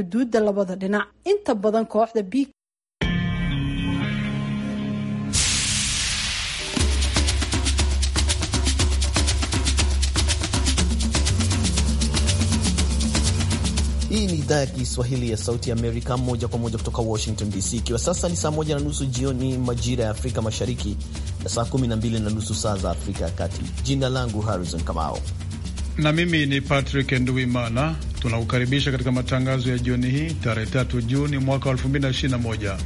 xuduudda labada dhinac inta badan kooxda b Hii ni idhaa ya Kiswahili ya Sauti ya Amerika, moja kwa moja kutoka Washington DC, ikiwa sasa ni saa moja na nusu jioni majira ya Afrika Mashariki na saa kumi na mbili na nusu saa za Afrika ya Kati. Jina langu Harrison Kamao na mimi ni Patrick nduimana Tunakukaribisha katika matangazo ya jioni hii tarehe 3 Juni mwaka 2021.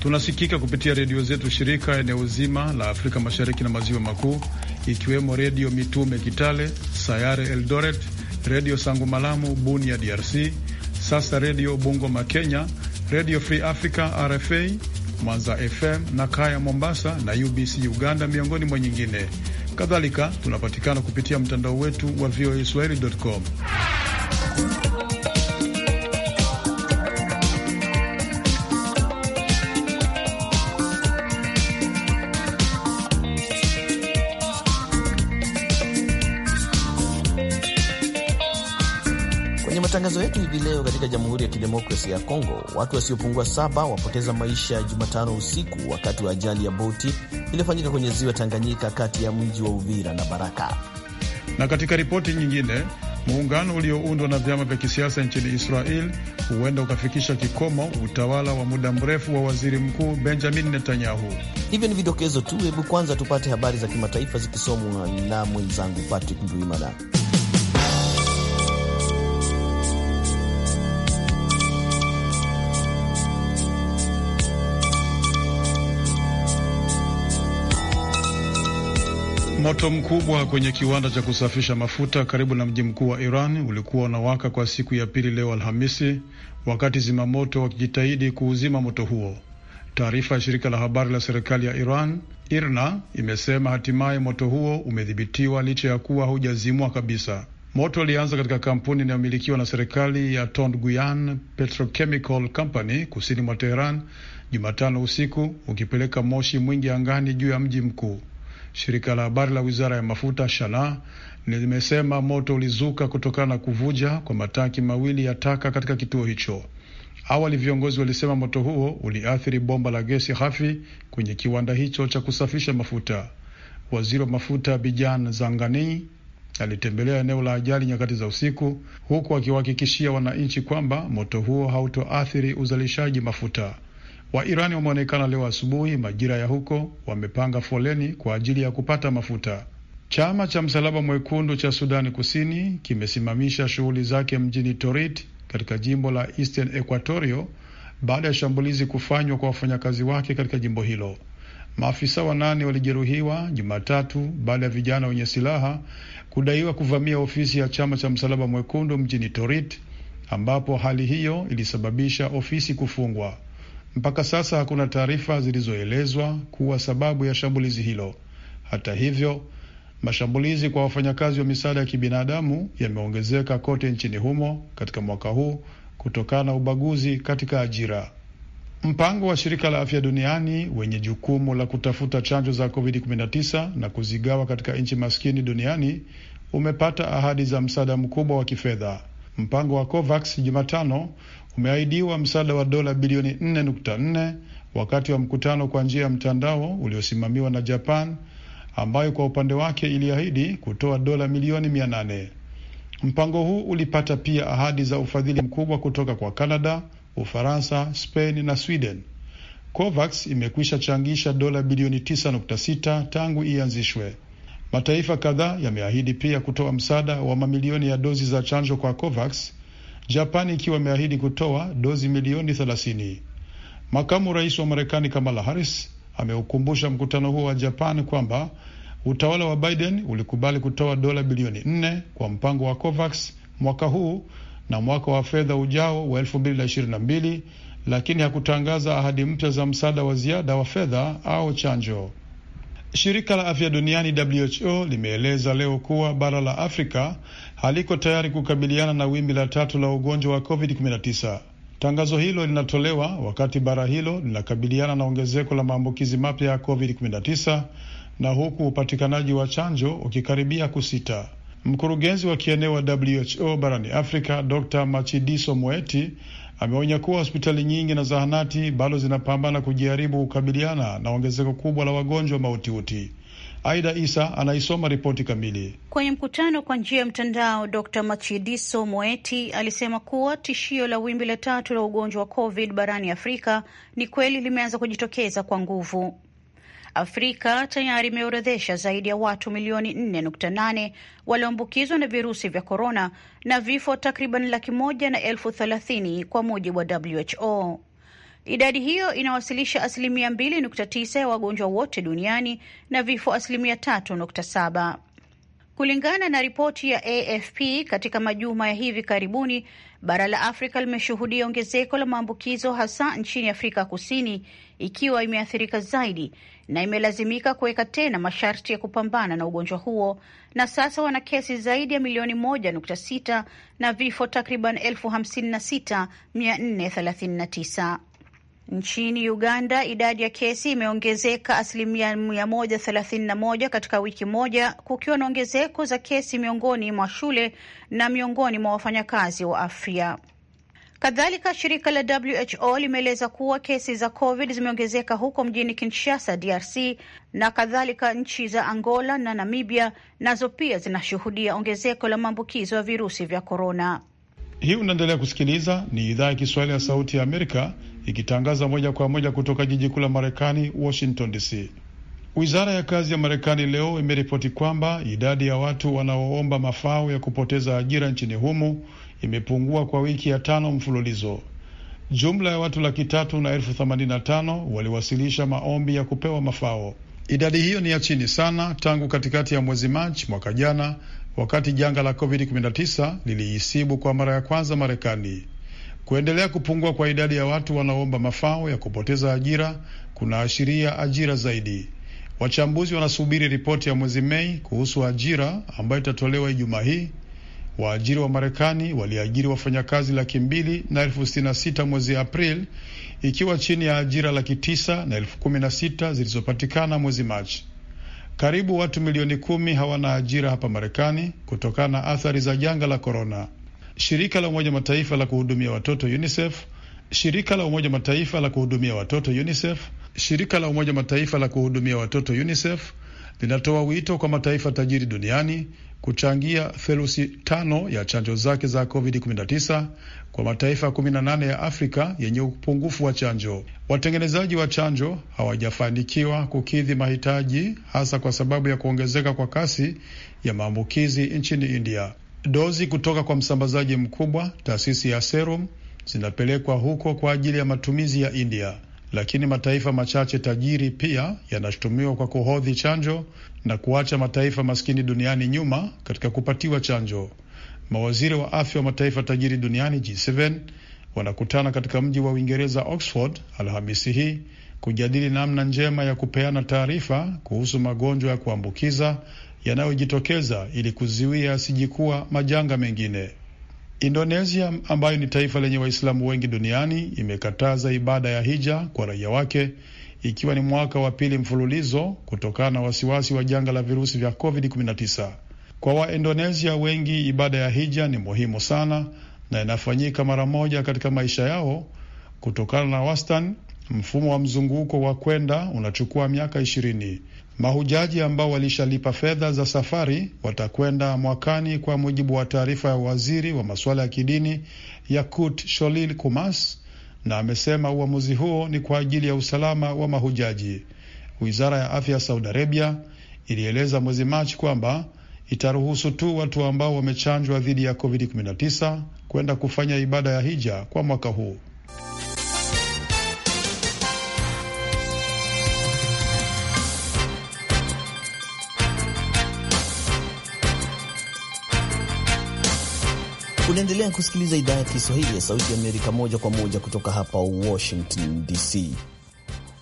Tunasikika kupitia redio zetu shirika eneo zima la Afrika Mashariki na Maziwa Makuu, ikiwemo Redio Mitume Kitale, Sayare Eldoret, Redio Sangu Malamu ya DRC, Sasa Redio Bungoma Kenya, Redio Free Africa RFA, Mwanza FM na Kaya Mombasa na UBC Uganda, miongoni mwa nyingine. Kadhalika tunapatikana kupitia mtandao wetu wa VOA Swahili.com. Matangazo yetu hivi leo. Katika Jamhuri ya Kidemokrasia ya Kongo, watu wasiopungua saba wapoteza maisha Jumatano usiku wakati wa ajali ya boti iliyofanyika kwenye ziwa Tanganyika kati ya mji wa Uvira na Baraka. Na katika ripoti nyingine, muungano ulioundwa na vyama vya kisiasa nchini Israel huenda ukafikisha kikomo utawala wa muda mrefu wa waziri mkuu Benjamin Netanyahu. Hivyo ni vidokezo tu. Hebu kwanza tupate habari za kimataifa zikisomwa na mwenzangu Patrick Ndwimana. Moto mkubwa kwenye kiwanda cha kusafisha mafuta karibu na mji mkuu wa Iran ulikuwa unawaka kwa siku ya pili leo Alhamisi, wakati zimamoto wakijitahidi kuuzima moto huo. Taarifa ya shirika la habari la serikali ya Iran IRNA imesema hatimaye moto huo umedhibitiwa licha ya kuwa haujazimwa kabisa. Moto ulianza katika kampuni inayomilikiwa na serikali ya Tondguyan Petrochemical Company kusini mwa Teheran Jumatano usiku, ukipeleka moshi mwingi angani juu ya mji mkuu. Shirika la habari la wizara ya mafuta Shana limesema moto ulizuka kutokana na kuvuja kwa matanki mawili ya taka katika kituo hicho. Awali viongozi walisema moto huo uliathiri bomba la gesi ghafi kwenye kiwanda hicho cha kusafisha mafuta. Waziri wa mafuta Bijan Zangani alitembelea eneo la ajali nyakati za usiku, huku akiwahakikishia wananchi kwamba moto huo hautoathiri uzalishaji mafuta. Wairani wameonekana leo asubuhi majira ya huko, wamepanga foleni kwa ajili ya kupata mafuta. Chama cha Msalaba Mwekundu cha Sudani Kusini kimesimamisha shughuli zake mjini Torit katika jimbo la Eastern Equatorio baada ya shambulizi kufanywa kwa wafanyakazi wake katika jimbo hilo. Maafisa wanane walijeruhiwa Jumatatu baada ya vijana wenye silaha kudaiwa kuvamia ofisi ya chama cha Msalaba Mwekundu mjini Torit, ambapo hali hiyo ilisababisha ofisi kufungwa. Mpaka sasa hakuna taarifa zilizoelezwa kuwa sababu ya shambulizi hilo. Hata hivyo, mashambulizi kwa wafanyakazi wa misaada ya kibinadamu yameongezeka kote nchini humo katika mwaka huu kutokana na ubaguzi katika ajira. Mpango wa shirika la afya duniani wenye jukumu la kutafuta chanjo za COVID-19 na kuzigawa katika nchi maskini duniani umepata ahadi za msaada mkubwa wa kifedha. Mpango wa COVAX Jumatano umeahidiwa msaada wa dola bilioni 4.4 wakati wa mkutano kwa njia ya mtandao uliosimamiwa na Japan ambayo kwa upande wake iliahidi kutoa dola milioni 800. Mpango huu ulipata pia ahadi za ufadhili mkubwa kutoka kwa Canada, Ufaransa, Spain na Sweden. COVAX imekwisha changisha dola bilioni 9.6 tangu ianzishwe. Mataifa kadhaa yameahidi pia kutoa msaada wa mamilioni ya dozi za chanjo kwa COVAX Japani ikiwa imeahidi kutoa dozi milioni 30 Makamu rais wa Marekani Kamala Harris ameukumbusha mkutano huo wa Japan kwamba utawala wa Biden ulikubali kutoa dola bilioni nne kwa mpango wa COVAX mwaka huu na mwaka wa fedha ujao wa 2022 lakini hakutangaza ahadi mpya za msaada wa ziada wa fedha au chanjo. Shirika la afya duniani WHO limeeleza leo kuwa bara la Afrika haliko tayari kukabiliana na wimbi la tatu la ugonjwa wa COVID-19. Tangazo hilo linatolewa wakati bara hilo linakabiliana na ongezeko la maambukizi mapya ya COVID-19 na huku upatikanaji wa chanjo ukikaribia kusita. Mkurugenzi wa kieneo wa WHO barani Afrika, Dr machidiso Moeti ameonya kuwa hospitali nyingi na zahanati bado zinapambana kujaribu kukabiliana na ongezeko kubwa la wagonjwa mautiuti. Aida Isa anaisoma ripoti kamili. Kwenye mkutano kwa njia ya mtandao, Dr machidiso Moeti alisema kuwa tishio la wimbi la tatu la ugonjwa wa COVID barani Afrika ni kweli limeanza kujitokeza kwa nguvu. Afrika tayari imeorodhesha zaidi ya watu milioni 4.8 walioambukizwa na virusi vya korona na vifo takriban laki moja na elfu thelathini kwa mujibu wa WHO. Idadi hiyo inawasilisha asilimia 2.9 ya wagonjwa wote duniani na vifo asilimia 3.7 kulingana na ripoti ya AFP. Katika majuma ya hivi karibuni, bara la Afrika limeshuhudia ongezeko la maambukizo, hasa nchini Afrika Kusini ikiwa imeathirika zaidi na imelazimika kuweka tena masharti ya kupambana na ugonjwa huo, na sasa wana kesi zaidi ya milioni moja nukta sita na vifo takriban elfu hamsini na sita mia nne thelathini na tisa. Nchini Uganda idadi ya kesi imeongezeka asilimia mia moja thelathini na moja katika wiki moja, kukiwa na ongezeko za kesi miongoni mwa shule na miongoni mwa wafanyakazi wa afya. Kadhalika, shirika la WHO limeeleza kuwa kesi za COVID zimeongezeka huko mjini Kinshasa, DRC, na kadhalika nchi za Angola na Namibia nazo pia zinashuhudia ongezeko la maambukizo ya virusi vya korona. Hii unaendelea kusikiliza, ni idhaa ya Kiswahili ya Sauti ya Amerika ikitangaza moja kwa moja kutoka jiji kuu la Marekani, Washington DC. Wizara ya kazi ya Marekani leo imeripoti kwamba idadi ya watu wanaoomba mafao ya kupoteza ajira nchini humo imepungua kwa wiki ya tano mfululizo. Jumla ya watu laki tatu na elfu themanini na tano waliwasilisha maombi ya kupewa mafao. Idadi hiyo ni ya chini sana tangu katikati ya mwezi Machi mwaka jana, wakati janga la COVID-19 liliisibu kwa mara ya kwanza Marekani. Kuendelea kupungua kwa idadi ya watu wanaoomba mafao ya kupoteza ajira kunaashiria ajira zaidi. Wachambuzi wanasubiri ripoti ya mwezi Mei kuhusu ajira ambayo itatolewa Ijumaa hii Waajiri wa Marekani waliajiri wafanyakazi laki mbili na elfu sitini na sita mwezi Aprili, ikiwa chini ya ajira laki tisa na elfu kumi na sita zilizopatikana mwezi Machi. Karibu watu milioni kumi hawana ajira hapa Marekani kutokana na athari za janga la korona. Shirika la Umoja Mataifa la kuhudumia watoto UNICEF, shirika la Umoja Mataifa la kuhudumia watoto UNICEF, shirika la Umoja Mataifa la kuhudumia watoto UNICEF linatoa wito kwa mataifa tajiri duniani kuchangia theluthi tano ya chanjo zake za COVID-19 kwa mataifa 18 ya Afrika yenye upungufu wa chanjo. Watengenezaji wa chanjo hawajafanikiwa kukidhi mahitaji, hasa kwa sababu ya kuongezeka kwa kasi ya maambukizi nchini India. Dozi kutoka kwa msambazaji mkubwa, taasisi ya Serum, zinapelekwa huko kwa ajili ya matumizi ya India lakini mataifa machache tajiri pia yanashutumiwa kwa kuhodhi chanjo na kuacha mataifa maskini duniani nyuma katika kupatiwa chanjo. Mawaziri wa afya wa mataifa tajiri duniani G7 wanakutana katika mji wa Uingereza Oxford Alhamisi hii kujadili namna njema ya kupeana taarifa kuhusu magonjwa ya kuambukiza yanayojitokeza ili kuziwia asijikuwa majanga mengine. Indonesia ambayo ni taifa lenye Waislamu wengi duniani imekataza ibada ya hija kwa raia wake ikiwa ni mwaka wa pili mfululizo kutokana na wasiwasi wa janga la virusi vya COVID-19. Kwa Waindonesia wengi, ibada ya hija ni muhimu sana na inafanyika mara moja katika maisha yao. Kutokana na wastani, mfumo wa mzunguko wa kwenda unachukua miaka ishirini. Mahujaji ambao walishalipa fedha za safari watakwenda mwakani, kwa mujibu wa taarifa ya waziri wa masuala ya kidini Yakut Sholil Kumas, na amesema uamuzi huo ni kwa ajili ya usalama wa mahujaji. Wizara ya afya ya Saudi Arabia ilieleza mwezi Machi kwamba itaruhusu tu watu ambao wamechanjwa dhidi ya COVID-19 kwenda kufanya ibada ya hija kwa mwaka huu. Unaendelea kusikiliza idhaa ya Kiswahili ya Sauti ya Amerika moja kwa moja kutoka hapa Washington DC.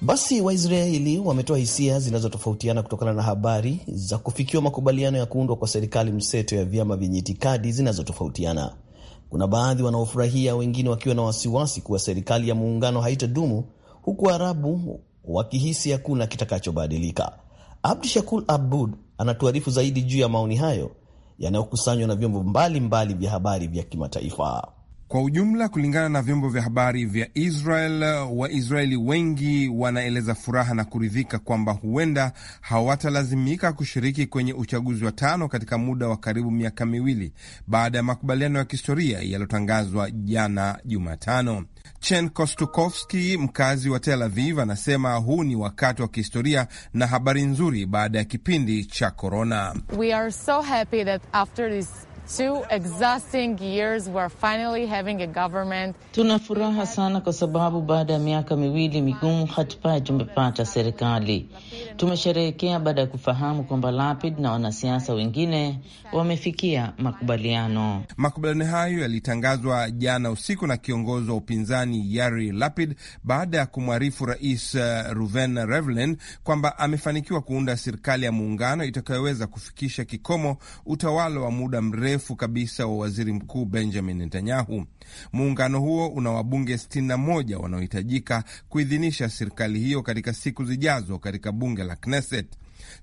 Basi Waisraeli wametoa hisia zinazotofautiana kutokana na habari za kufikiwa makubaliano ya kuundwa kwa serikali mseto ya vyama vyenye itikadi zinazotofautiana. Kuna baadhi wanaofurahia, wengine wakiwa na wasiwasi kuwa serikali ya muungano haitadumu, huku Waarabu wakihisi hakuna kitakachobadilika. Abdu Shakur Abud anatuarifu zaidi juu ya maoni hayo yanayokusanywa na vyombo mbalimbali vya habari vya kimataifa. Kwa ujumla, kulingana na vyombo vya habari vya Israel, Waisraeli wengi wanaeleza furaha na kuridhika kwamba huenda hawatalazimika kushiriki kwenye uchaguzi wa tano katika muda wa karibu miaka miwili baada ya makubaliano ya kihistoria yaliyotangazwa jana Jumatano. Chen Kostukovski, mkazi wa Tel Aviv, anasema huu ni wakati wa kihistoria na habari nzuri baada ya kipindi cha korona. We are so happy that after this Tuna furaha sana kwa sababu baada ya miaka miwili migumu hatimaye tumepata serikali. Tumesherehekea baada ya kufahamu kwamba Lapid na wanasiasa wengine wamefikia makubaliano. Makubaliano hayo yalitangazwa jana usiku na kiongozi wa upinzani Yari Lapid baada ya kumwarifu Rais uh, Ruven revelin kwamba amefanikiwa kuunda serikali ya muungano itakayoweza kufikisha kikomo utawala wa muda mrefu mrefu kabisa wa waziri mkuu Benjamin Netanyahu. Muungano huo una wabunge 61 wanaohitajika kuidhinisha serikali hiyo katika siku zijazo katika bunge la Knesset.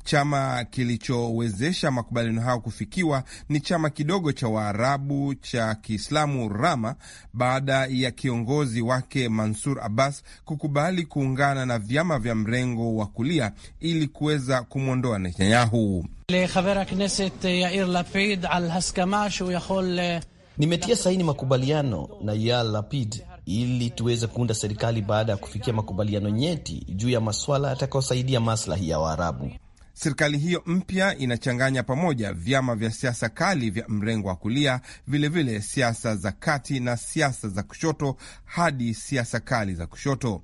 Chama kilichowezesha makubaliano hayo kufikiwa ni chama kidogo cha Waarabu cha Kiislamu Rama, baada ya kiongozi wake Mansur Abbas kukubali kuungana na vyama vya mrengo wa kulia ili kuweza kumwondoa Netanyahu. Eh, Nimetia saini makubaliano na Yair Lapid ili tuweze kuunda serikali baada ya kufikia makubaliano nyeti juu ya maswala yatakayosaidia maslahi ya Waarabu. Serikali hiyo mpya inachanganya pamoja vyama vya siasa kali vya mrengo wa kulia, vilevile siasa za kati na siasa za kushoto hadi siasa kali za kushoto.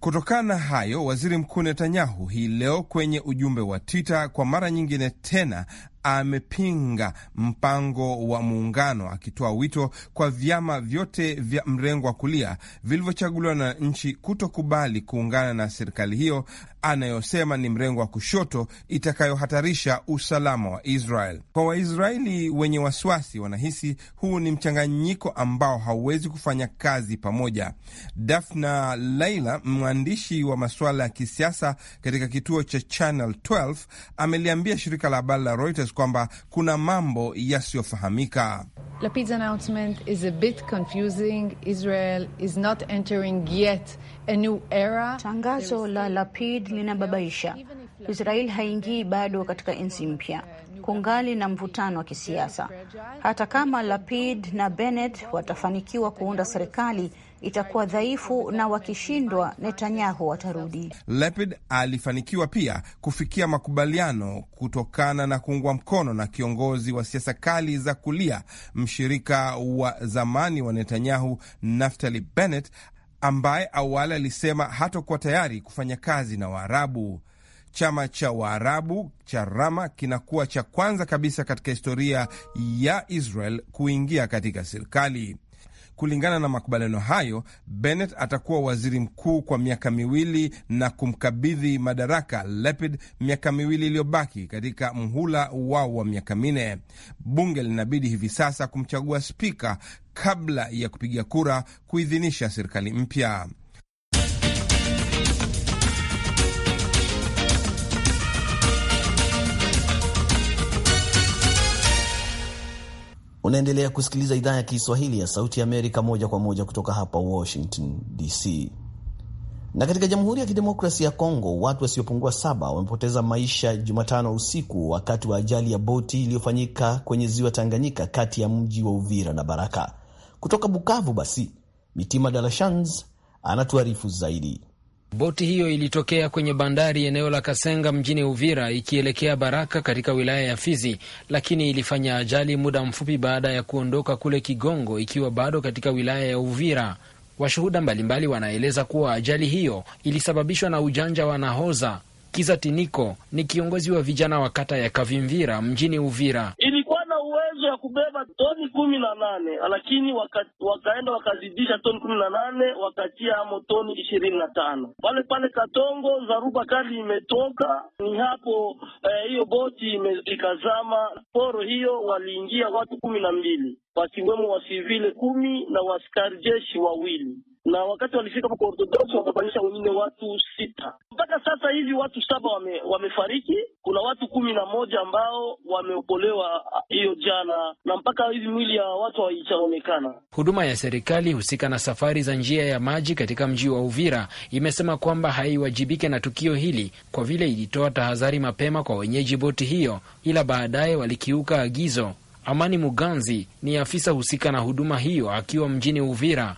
Kutokana na hayo, waziri mkuu Netanyahu hii leo kwenye ujumbe wa Twitter kwa mara nyingine tena amepinga mpango wa muungano, akitoa wito kwa vyama vyote vya mrengo wa kulia vilivyochaguliwa na nchi kutokubali kuungana na serikali hiyo anayosema ni mrengo wa kushoto itakayohatarisha usalama wa Israel. Kwa Waisraeli wenye wasiwasi, wanahisi huu ni mchanganyiko ambao hauwezi kufanya kazi pamoja. Dafna Laila, mwandishi wa masuala ya kisiasa katika kituo cha Channel 12, ameliambia shirika la habari la Reuters kwamba kuna mambo yasiyofahamika. Lapid's announcement is a bit confusing. Israel is not entering yet A new era. Tangazo la Lapid linababaisha. Israel haingii bado katika enzi mpya, kungali na mvutano wa kisiasa. Hata kama Lapid na Bennett watafanikiwa kuunda serikali, itakuwa dhaifu, na wakishindwa, Netanyahu watarudi. Lapid alifanikiwa pia kufikia makubaliano kutokana na kuungwa mkono na kiongozi wa siasa kali za kulia, mshirika wa zamani wa Netanyahu, Naftali Bennett ambaye awali alisema hatokuwa tayari kufanya kazi na Waarabu. Chama cha Waarabu cha Rama kinakuwa cha kwanza kabisa katika historia ya Israel kuingia katika serikali. Kulingana na makubaliano hayo, Bennett atakuwa waziri mkuu kwa miaka miwili na kumkabidhi madaraka Lepid miaka miwili iliyobaki katika mhula wao wa miaka minne. Bunge linabidi hivi sasa kumchagua spika kabla ya kupiga kura kuidhinisha serikali mpya. Unaendelea kusikiliza idhaa ya Kiswahili ya Sauti ya Amerika moja kwa moja kutoka hapa Washington DC. Na katika Jamhuri ya Kidemokrasi ya Kongo, watu wasiopungua saba wamepoteza maisha Jumatano usiku wakati wa ajali ya boti iliyofanyika kwenye ziwa Tanganyika kati ya mji wa Uvira na Baraka. Kutoka Bukavu basi Mitima Dalashans anatuarifu zaidi. Boti hiyo ilitokea kwenye bandari eneo la Kasenga mjini Uvira ikielekea Baraka katika wilaya ya Fizi, lakini ilifanya ajali muda mfupi baada ya kuondoka kule Kigongo ikiwa bado katika wilaya ya Uvira. Washuhuda mbalimbali wanaeleza kuwa ajali hiyo ilisababishwa na ujanja wa nahoza. Kiza Tiniko ni kiongozi wa vijana wa kata ya Kavimvira mjini Uvira. Ili uwezo ya kubeba toni kumi na nane lakini waka, wakaenda wakazidisha toni kumi na nane wakatia amo toni ishirini na tano pale pale Katongo. dharuba kali imetoka ni hapo eh, hiyo eh, boti ikazama. Poro hiyo waliingia watu kumi na mbili wakiwemo wasivile kumi na waskari jeshi wawili na wakati walifika huko Orthodox wakapanisha wengine watu sita. Mpaka sasa hivi watu saba wame, wamefariki. Kuna watu kumi na moja ambao wameokolewa ah, hiyo jana, na mpaka hivi mwili ya watu haijaonekana. Huduma ya serikali husika na safari za njia ya maji katika mji wa Uvira imesema kwamba haiwajibike na tukio hili kwa vile ilitoa tahadhari mapema kwa wenyeji boti hiyo, ila baadaye walikiuka agizo. Amani Muganzi ni afisa husika na huduma hiyo akiwa mjini Uvira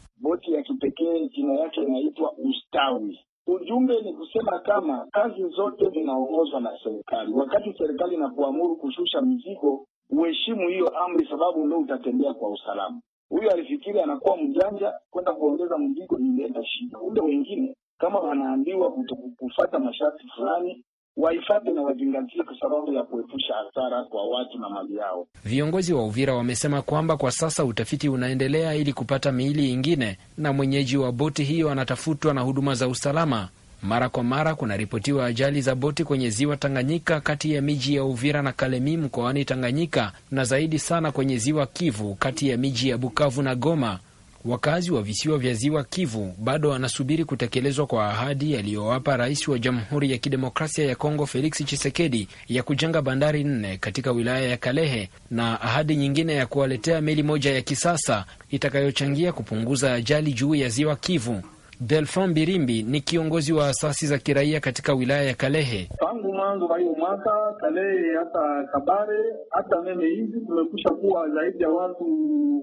jina yake inaitwa ustawi. Ujumbe ni kusema kama kazi zote zinaongozwa na serikali. Wakati serikali inakuamuru kushusha mizigo, uheshimu hiyo amri, sababu ndio utatembea kwa usalama. Huyo alifikiri anakuwa mjanja kwenda kuongeza mzigo, ileta shida. Ule wengine kama wanaambiwa kufata masharti fulani, wahifadhi na wazingatie kwa sababu ya kuepusha hasara kwa watu na mali yao. Viongozi wa Uvira wamesema kwamba kwa sasa utafiti unaendelea ili kupata miili ingine, na mwenyeji wa boti hiyo anatafutwa na huduma za usalama. Mara kwa mara kunaripotiwa ajali za boti kwenye ziwa Tanganyika kati ya miji ya Uvira na Kalemi mkoani Tanganyika, na zaidi sana kwenye ziwa Kivu kati ya miji ya Bukavu na Goma. Wakazi wa visiwa vya ziwa Kivu bado wanasubiri kutekelezwa kwa ahadi aliyowapa rais wa Jamhuri ya Kidemokrasia ya Kongo Felix Tshisekedi ya kujenga bandari nne katika wilaya ya Kalehe na ahadi nyingine ya kuwaletea meli moja ya kisasa itakayochangia kupunguza ajali juu ya ziwa Kivu. Delfin Birimbi ni kiongozi wa asasi za kiraia katika wilaya ya Kalehe. Tangu mwanzo wa hiyo mwaka Kalehe hata Kabare hata meme hizi tumekusha kuwa zaidi ya watu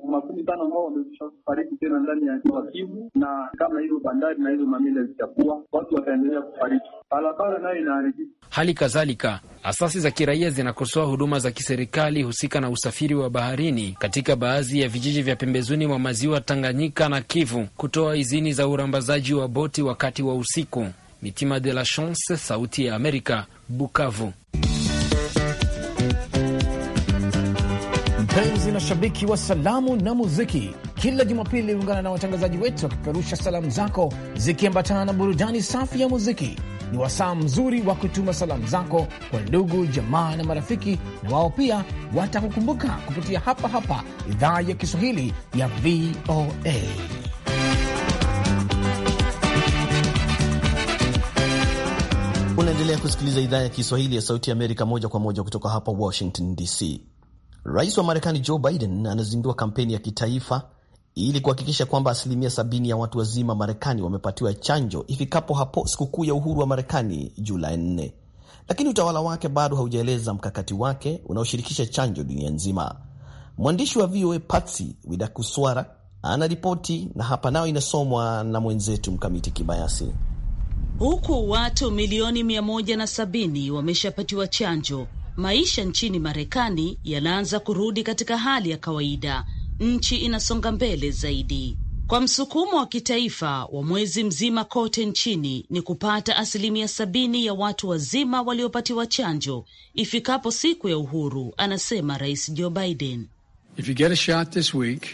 makumi tano ambao wamekusha kufariki tena ndani ya ziwa Kivu, na kama hizo bandari na hizo mamila zitakuwa watu wataendelea kufariki, barabara nayo inaharibika hali kadhalika. Asasi za kiraia zinakosoa huduma za kiserikali husika na usafiri wa baharini katika baadhi ya vijiji vya pembezoni mwa maziwa Tanganyika na Kivu kutoa idhini za urambazaji wa boti wakati wa usiku. Mitima de la Chance, Sauti ya Amerika, Bukavu. Mpenzi na shabiki wa salamu na muziki, kila Jumapili ungana na watangazaji wetu wakipeperusha salamu zako zikiambatana na burudani safi ya muziki ni wasaa mzuri wa kutuma salamu zako kwa ndugu jamaa na marafiki, na wao pia watakukumbuka kupitia hapa hapa idhaa ya Kiswahili ya VOA. Unaendelea kusikiliza idhaa ya Kiswahili ya Sauti ya Amerika moja kwa moja kutoka hapa Washington DC. Rais wa Marekani Joe Biden anazindua kampeni ya kitaifa ili kuhakikisha kwamba asilimia sabini ya watu wazima Marekani wamepatiwa chanjo ifikapo hapo sikukuu ya uhuru wa Marekani Julai nne lakini utawala wake bado haujaeleza mkakati wake unaoshirikisha chanjo dunia nzima. Mwandishi wa VOA Patsy Widakuswara ana ripoti na hapa nayo inasomwa na mwenzetu Mkamiti Kibayasi. Huku watu milioni 170 wameshapatiwa chanjo, maisha nchini Marekani yanaanza kurudi katika hali ya kawaida nchi inasonga mbele zaidi. Kwa msukumo wa kitaifa wa mwezi mzima kote nchini ni kupata asilimia sabini ya watu wazima waliopatiwa chanjo ifikapo siku ya uhuru, anasema Rais Joe Biden. If you get a shot this week,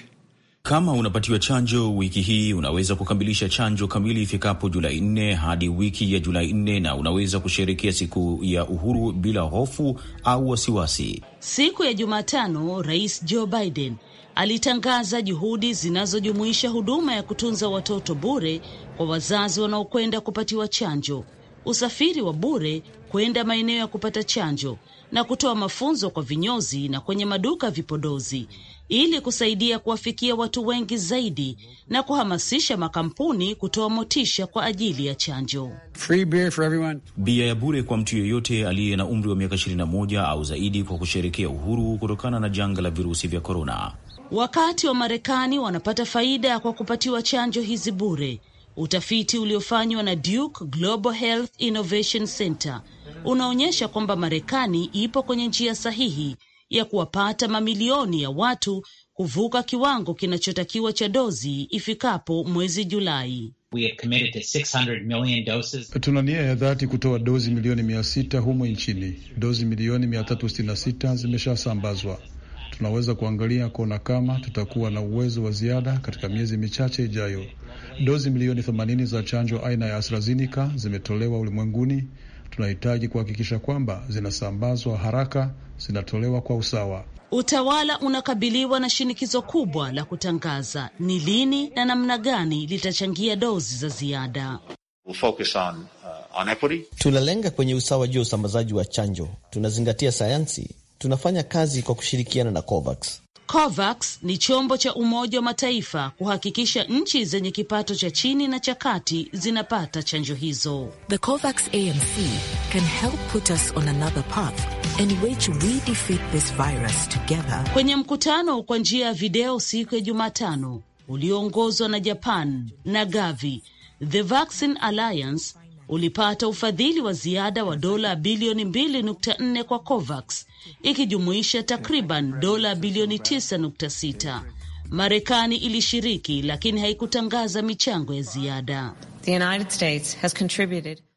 kama unapatiwa chanjo wiki hii unaweza kukamilisha chanjo kamili ifikapo Julai nne hadi wiki ya Julai nne, na unaweza kusherekea siku ya uhuru bila hofu au wasiwasi. Siku ya Jumatano, Rais Joe Biden alitangaza juhudi zinazojumuisha huduma ya kutunza watoto bure kwa wazazi wanaokwenda kupatiwa chanjo, usafiri wa bure kwenda maeneo ya kupata chanjo na kutoa mafunzo kwa vinyozi na kwenye maduka vipodozi ili kusaidia kuwafikia watu wengi zaidi na kuhamasisha makampuni kutoa motisha kwa ajili ya chanjo. Free beer for everyone. Bia ya bure kwa mtu yeyote aliye na umri wa miaka 21 au zaidi kwa kusherekea uhuru kutokana na janga la virusi vya korona. Wakati wa Marekani wanapata faida kwa kupatiwa chanjo hizi bure. Utafiti uliofanywa na Duke Global Health Innovation Center unaonyesha kwamba Marekani ipo kwenye njia sahihi ya kuwapata mamilioni ya watu kuvuka kiwango kinachotakiwa cha dozi ifikapo mwezi Julai. Tuna nia ya dhati kutoa dozi milioni mia sita humo nchini. Dozi milioni mia tatu sitini na sita zimeshasambazwa tunaweza kuangalia kuona kama tutakuwa na uwezo wa ziada katika miezi michache ijayo. Dozi milioni 80 za chanjo aina ya AstraZeneca zimetolewa ulimwenguni. Tunahitaji kuhakikisha kwamba zinasambazwa haraka, zinatolewa kwa usawa. Utawala unakabiliwa na shinikizo kubwa la kutangaza ni lini na namna gani litachangia dozi za ziada. We'll focus on, uh, on equity. Tunalenga kwenye usawa juu ya usambazaji wa chanjo. Tunazingatia sayansi tunafanya kazi kwa kushirikiana na COVAX. COVAX ni chombo cha Umoja wa Mataifa kuhakikisha nchi zenye kipato cha chini na cha kati zinapata chanjo hizo. The COVAX AMC can help put us on another path in which we defeat this virus together. Kwenye mkutano kwa njia ya video siku ya Jumatano ulioongozwa na Japan na Gavi, The Vaccine Alliance ulipata ufadhili wa ziada wa dola bilioni 2.4 kwa COVAX ikijumuisha takriban dola bilioni 9.6. Marekani ilishiriki lakini haikutangaza michango ya ziada.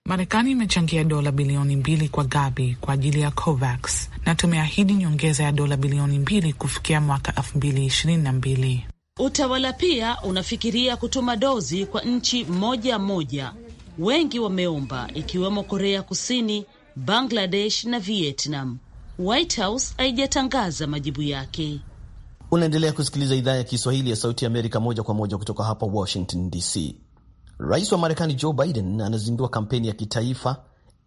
Marekani imechangia dola bilioni mbili kwa Gavi kwa ajili ya COVAX na tumeahidi nyongeza ya dola bilioni mbili kufikia mwaka 222 Utawala pia unafikiria kutuma dozi kwa nchi moja moja Wengi wameomba ikiwemo Korea Kusini, Bangladesh na Vietnam. White House haijatangaza majibu yake. Unaendelea kusikiliza idhaa ya Kiswahili ya Sauti ya Amerika moja kwa moja kutoka hapa Washington DC. Rais wa Marekani Joe Biden anazindua kampeni ya kitaifa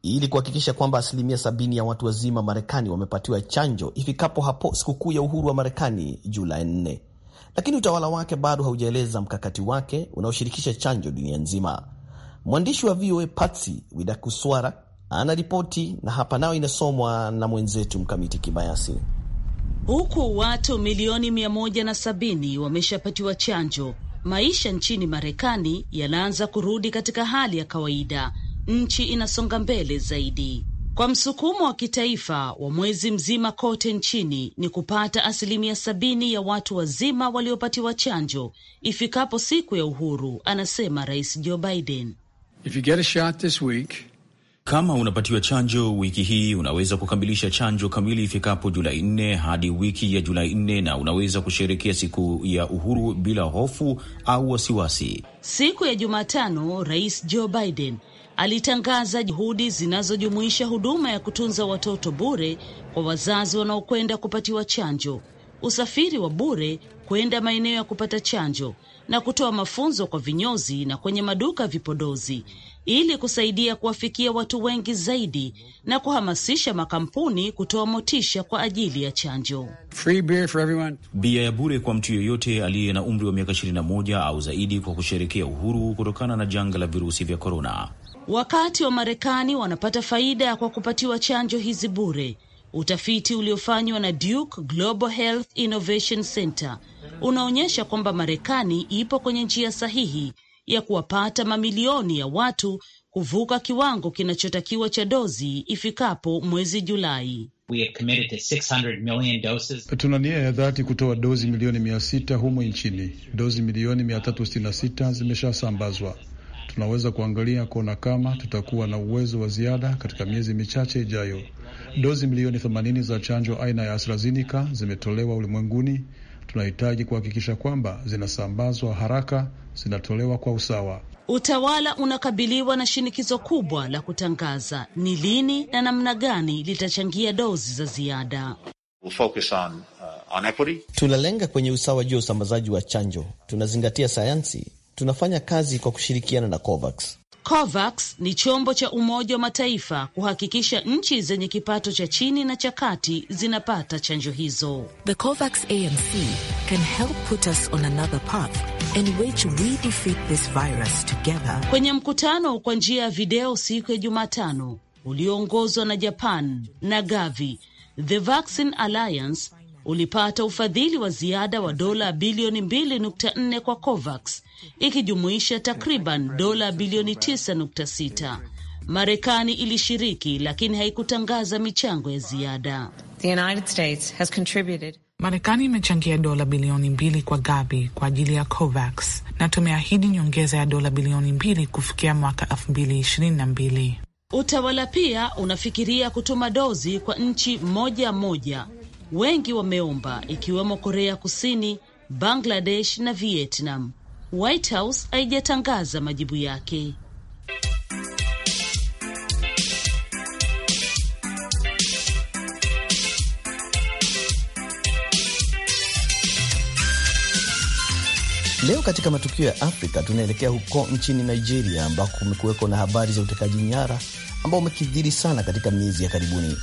ili kuhakikisha kwamba asilimia sabini ya watu wazima Marekani wamepatiwa chanjo ifikapo hapo sikukuu ya uhuru wa Marekani Julai 4, lakini utawala wake bado haujaeleza mkakati wake unaoshirikisha chanjo dunia nzima. Mwandishi wa VOA Patsy Widakuswara anaripoti na hapa nayo inasomwa na mwenzetu Mkamiti Kibayasi. Huku watu milioni mia moja na sabini wameshapatiwa chanjo, maisha nchini Marekani yanaanza kurudi katika hali ya kawaida. Nchi inasonga mbele zaidi kwa msukumo wa kitaifa wa mwezi mzima kote nchini ni kupata asilimia sabini ya watu wazima waliopatiwa chanjo ifikapo siku ya uhuru, anasema Rais Joe Biden. If you get a shot this week, kama unapatiwa chanjo wiki hii unaweza kukamilisha chanjo kamili ifikapo Julai nne hadi wiki ya Julai nne na unaweza kusherekea siku ya uhuru bila hofu au wasiwasi. Siku ya Jumatano, Rais Joe Biden alitangaza juhudi zinazojumuisha huduma ya kutunza watoto bure kwa wazazi wanaokwenda kupatiwa chanjo, usafiri wa bure kwenda maeneo ya kupata chanjo na kutoa mafunzo kwa vinyozi na kwenye maduka vipodozi ili kusaidia kuwafikia watu wengi zaidi na kuhamasisha makampuni kutoa motisha kwa ajili ya chanjo. Free beer for everyone. Bia ya bure kwa mtu yeyote aliye na umri wa miaka 21 au zaidi kwa kusherekea uhuru kutokana na janga la virusi vya korona. Wakati wa Marekani wanapata faida kwa kupatiwa chanjo hizi bure. Utafiti uliofanywa na Duke Global Health Innovation Center unaonyesha kwamba Marekani ipo kwenye njia sahihi ya kuwapata mamilioni ya watu kuvuka kiwango kinachotakiwa cha dozi ifikapo mwezi Julai. Tuna nia ya dhati kutoa dozi milioni mia sita humo nchini. Dozi milioni mia tatu sitini na sita zimeshasambazwa. Tunaweza kuangalia kuona kama tutakuwa na uwezo wa ziada katika miezi michache ijayo. Dozi milioni themanini za chanjo aina ya AstraZeneca zimetolewa ulimwenguni tunahitaji kuhakikisha kwamba zinasambazwa haraka, zinatolewa kwa usawa. Utawala unakabiliwa na shinikizo kubwa la kutangaza ni lini na namna gani litachangia dozi za ziada. Focus on, uh, on equity. Tunalenga kwenye usawa juu ya usambazaji wa chanjo, tunazingatia sayansi, tunafanya kazi kwa kushirikiana na COVAX. COVAX ni chombo cha Umoja wa Mataifa kuhakikisha nchi zenye kipato cha chini na cha kati zinapata chanjo hizo. The COVAX AMC can help put us on another path. Kwenye mkutano kwa njia ya video siku ya Jumatano ulioongozwa na Japan na Gavi, The Vaccine Alliance ulipata ufadhili wa ziada wa dola bilioni 2.4 kwa COVAX ikijumuisha takriban dola bilioni 9.6. Marekani ilishiriki lakini haikutangaza michango ya ziada. Marekani imechangia dola bilioni mbili kwa Gavi kwa ajili ya COVAX na tumeahidi nyongeza ya dola bilioni mbili kufikia mwaka elfu mbili ishirini na mbili. Utawala pia unafikiria kutuma dozi kwa nchi moja moja, wengi wameomba, ikiwemo Korea Kusini, Bangladesh na Vietnam. White House haijatangaza majibu yake. Leo katika matukio ya Afrika tunaelekea huko nchini Nigeria ambako kumekuweko na habari za utekaji nyara ambao umekidhiri sana katika miezi ya karibuni.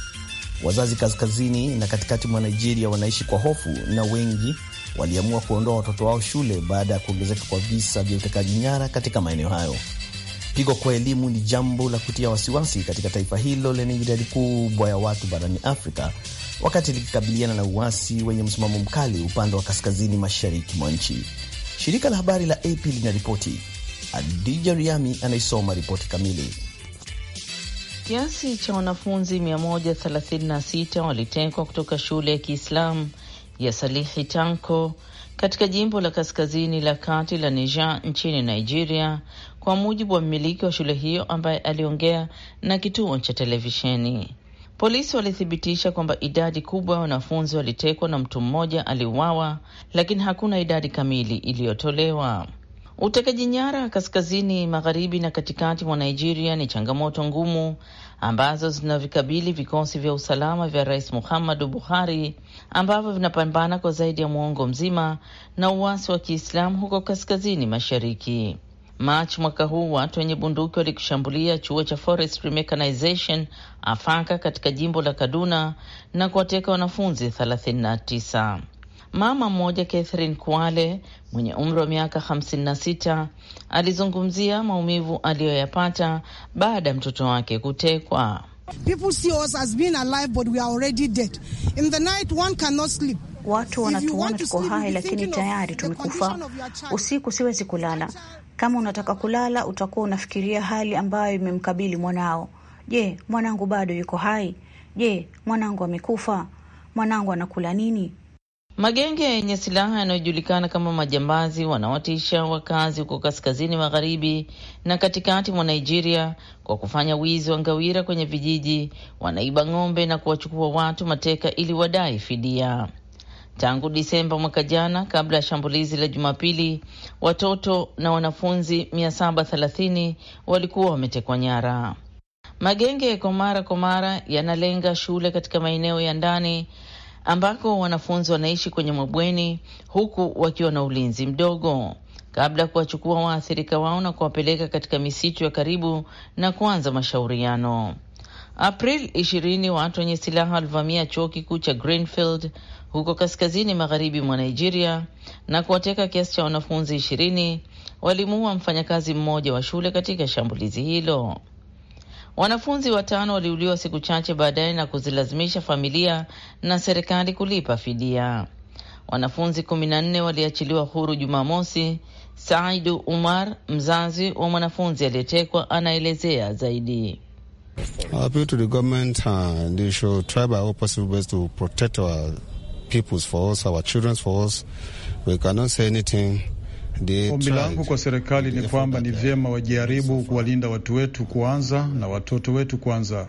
Wazazi kaskazini na katikati mwa Nigeria wanaishi kwa hofu na wengi waliamua kuondoa watoto wao shule baada ya kuongezeka kwa visa vya utekaji nyara katika maeneo hayo. Pigo kwa elimu ni jambo la kutia wasiwasi katika taifa hilo lenye idadi kubwa ya watu barani Afrika, wakati likikabiliana na uasi wenye msimamo mkali upande wa kaskazini mashariki mwa nchi. Shirika la habari la AP linaripoti. Adija Riami anaisoma ripoti kamili. Kiasi cha wanafunzi 136 walitekwa kutoka shule ya Kiislamu ya Salihi Tanko katika jimbo la kaskazini la kati la Niger nchini Nigeria, kwa mujibu wa mmiliki wa shule hiyo ambaye aliongea na kituo cha televisheni. Polisi walithibitisha kwamba idadi kubwa ya wanafunzi walitekwa na mtu mmoja aliuawa, lakini hakuna idadi kamili iliyotolewa. Utekaji nyara kaskazini magharibi na katikati mwa Nigeria ni changamoto ngumu ambazo zinavikabili vikosi vya usalama vya Rais Muhammadu Buhari ambavyo vinapambana kwa zaidi ya muongo mzima na uasi wa Kiislamu huko kaskazini mashariki. Machi mwaka huu watu wenye bunduki walikushambulia chuo cha Forestry Mechanization Afaka katika jimbo la Kaduna na kuwateka wanafunzi 39. Mama mmoja Catherine Kwale mwenye umri wa miaka 56 alizungumzia maumivu aliyoyapata baada ya mtoto wake kutekwa. Watu wanatuona tuko hai, lakini tayari tumekufa. Usiku siwezi kulala. Kama unataka kulala, utakuwa unafikiria hali ambayo imemkabili mwanao. Je, mwanangu bado yuko hai? Je, mwanangu amekufa? Mwanangu anakula nini? Magenge yenye silaha yanayojulikana kama majambazi wanawatisha wakazi huko kaskazini magharibi na katikati mwa Nigeria kwa kufanya wizi wa ngawira kwenye vijiji, wanaiba ng'ombe na kuwachukua watu mateka ili wadai fidia. Tangu Disemba mwaka jana, kabla ya shambulizi la Jumapili, watoto na wanafunzi 730 walikuwa wametekwa nyara. Magenge kwa mara kwa mara yanalenga shule katika maeneo ya ndani ambako wanafunzi wanaishi kwenye mabweni huku wakiwa na ulinzi mdogo kabla ya kuwachukua waathirika wao na kuwapeleka katika misitu ya karibu na kuanza mashauriano. april 20 watu wenye silaha walivamia chuo kikuu cha Greenfield huko kaskazini magharibi mwa Nigeria na kuwateka kiasi cha wanafunzi 20. Walimuua mfanyakazi mmoja wa shule katika shambulizi hilo. Wanafunzi watano waliuliwa siku chache baadaye na kuzilazimisha familia na serikali kulipa fidia. Wanafunzi kumi na nne waliachiliwa huru Jumamosi. Saidu Umar, mzazi wa mwanafunzi aliyetekwa, anaelezea zaidi. Ombi langu kwa serikali ni kwamba ni uh, vyema wajaribu kuwalinda watu wetu kwanza na watoto wetu kwanza.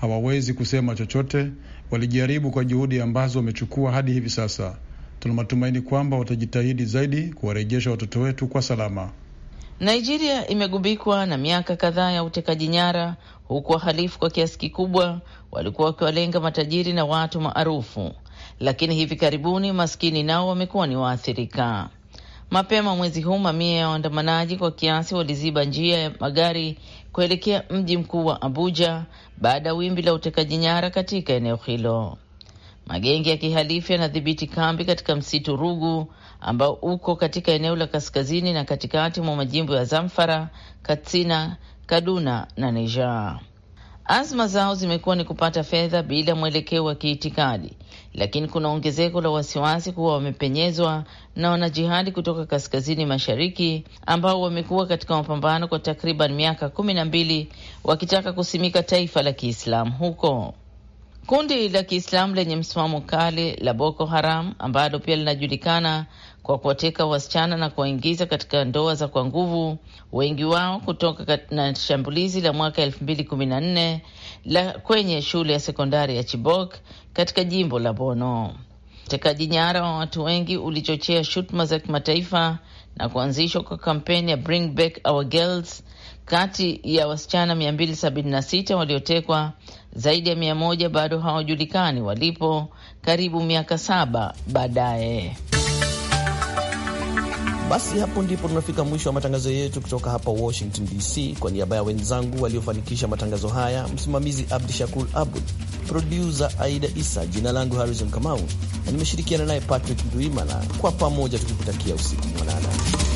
Hawawezi kusema chochote, walijaribu kwa juhudi ambazo wamechukua hadi hivi sasa. Tuna matumaini kwamba watajitahidi zaidi kuwarejesha watoto wetu kwa salama. Nigeria imegubikwa na miaka kadhaa ya utekaji nyara, huku wahalifu kwa kiasi kikubwa walikuwa wakiwalenga matajiri na watu maarufu, lakini hivi karibuni maskini nao wamekuwa ni waathirika. Mapema mwezi huu mamia ya waandamanaji kwa kiasi waliziba njia ya magari kuelekea mji mkuu wa Abuja baada ya wimbi la utekaji nyara katika eneo hilo. Magenge ya kihalifu yanadhibiti kambi katika msitu Rugu ambao uko katika eneo la kaskazini na katikati mwa majimbo ya Zamfara, Katsina, Kaduna na nijaa Azma zao zimekuwa ni kupata fedha bila mwelekeo wa kiitikadi lakini kuna ongezeko la wasiwasi kuwa wamepenyezwa na wanajihadi kutoka kaskazini mashariki ambao wamekuwa katika mapambano kwa takriban miaka kumi na mbili wakitaka kusimika taifa la Kiislamu huko. Kundi la Kiislamu lenye msimamo kali la Boko Haram ambalo pia linajulikana kwa kuwateka wasichana na kuwaingiza katika ndoa za kwa nguvu, wengi wao kutoka na shambulizi la mwaka elfu mbili kumi na nne la kwenye shule ya sekondari ya Chibok katika jimbo la bono Utekaji nyara wa watu wengi ulichochea shutuma za kimataifa na kuanzishwa kwa kampeni ya Bring Back Our Girls. Kati ya wasichana sita waliotekwa zaidi ya mia moja bado hawajulikani walipo karibu miaka saba baadaye. Basi hapo ndipo tunafika mwisho wa matangazo yetu kutoka hapa Washington DC. Kwa niaba ya wenzangu waliofanikisha matangazo haya, msimamizi Abdi Shakur Abud, produsa Aida Isa, jina langu Harrison Kamau na nimeshirikiana naye Patrick Nduimana, kwa pamoja tukikutakia usiku mwanana.